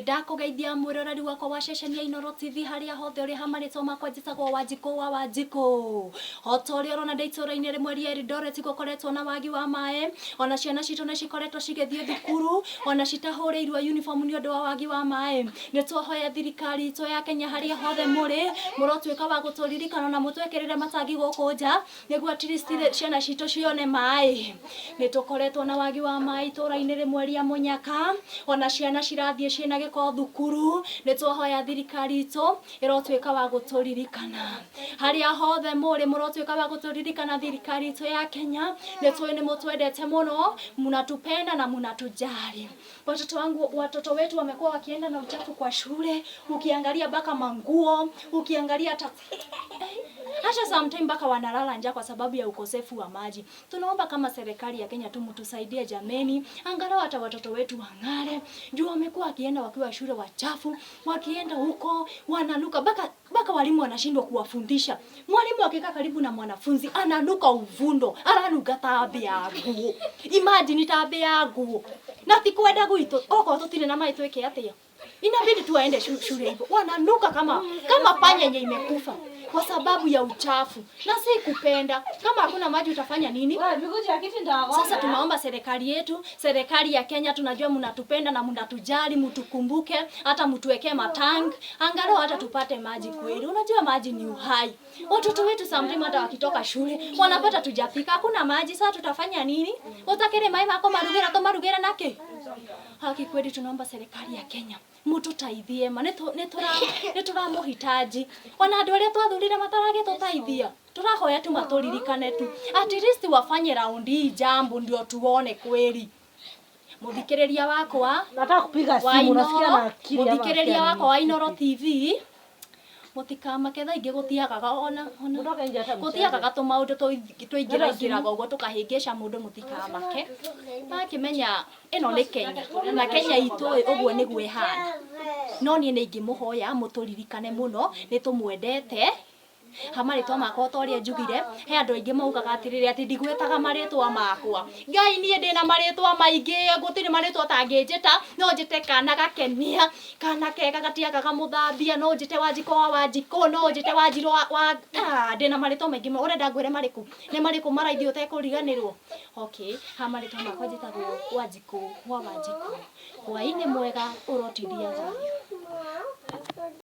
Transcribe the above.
ndakugeithia mwiroreri wakwa wa ceceni ya inoro TV haria hothe uri ha maritwa makwa njitagwo Wanjikũ wa Wanjikũ ota ũrĩa ũrona ndĩ itũra-inĩ rĩmwe rĩa Eldoret gũkoretwo na wagi wa mae ona ciana citũ nĩ cikoretwo cigĩthiĩ thukuru ona citahũrĩirwo uniform ni ũndũ wa wagi wa maaĩ nĩ twahoya thirikari itũ ya Kenya haria hothe muri mũrotuĩka wa gũtũririkana na mũtwekĩrĩre matangi gũkũ nja nĩguo at least ciana citũ cione maaĩ nĩ tũkoretwo na wagi wa maaĩ itũra-inĩ rĩmwe ya Mũnyaka ona ciana cirathiĩ ciĩna giko thukuru ni twahoya thirikari itu ka wa harä a hothe muri murotwika wa guturirikana thirikari itu ya Kenya ni twini mutwendete muna tupenda na tujari watoto wangu watoto wetu wamekuwa wakienda na uchafu kwa shule ukiangalia baka manguo ukiangalia ta hata sometimes mpaka wanalala njaa kwa sababu ya ukosefu wa maji. Tunaomba kama serikali ya Kenya tumutusaidie jameni, angalau hata watoto wetu wang'are. Juu wamekuwa wakienda wakiwa shule wachafu, wakienda huko wananuka mpaka mpaka walimu wanashindwa kuwafundisha. Mwalimu akikaa karibu na mwanafunzi ananuka uvundo, aranuga tabe yangu. Imagine tabe yangu. na tikwenda gwitu oko tutire na mai tweke atia, inabidi tuwaende shule hivyo, wananuka kama kama panya yenye imekufa kwa sababu ya uchafu na si kupenda. Kama hakuna maji utafanya nini? Sasa tunaomba serikali yetu, serikali ya Kenya, tunajua mnatupenda na mnatujali, mtukumbuke, hata mtuwekee matang angalau hata tupate maji kweli. Unajua maji ni uhai. Watoto wetu samtima hata wakitoka shule wanapata tujafika, hakuna maji. Sasa tutafanya nini? Utakere mai mako marugera to marugera nake. Haki kweli, tunaomba serikali ya Kenya mututaithie ma nä tå ramå hitaji ona andå arä a twathurire matarage tå taithia tå tu maturirikane tu at least wafanye raundi hii jambo ndio tuone kweli muthikiriria wakwa nataka kupiga simu nasikia na akili muthikiriria wakwa wa Inoro TV gutikamake thaingä gå tiagaga ona gå tiagaga tå maå ndå twaingä raingä raga å guo tå kahängäca må ndå må tikamake makä menya ä no nä kenya na kenya itå ä å guo nä guo hana no niä nä ingä må hoya må tå ririkane må no nä tå mwendete hamari twa makwa toria njugire he andu aingi maugaga atiriri ati ndigwetaga twa makwa ngai nie ndina maritwa maingi ngutiri maritwa tanginjita no njite kana gakenia kana kega gatiagaga muthambia no njite wanjiko wa wanjiko no njite wanjiro wa ndina maritwa maingi urenda ngwire mariku ni mariku maraithi utekuriganirwo okay hamaritwa makwa njitagwo wanjiko wa wanjiko hwaini mwega urotithia thayũ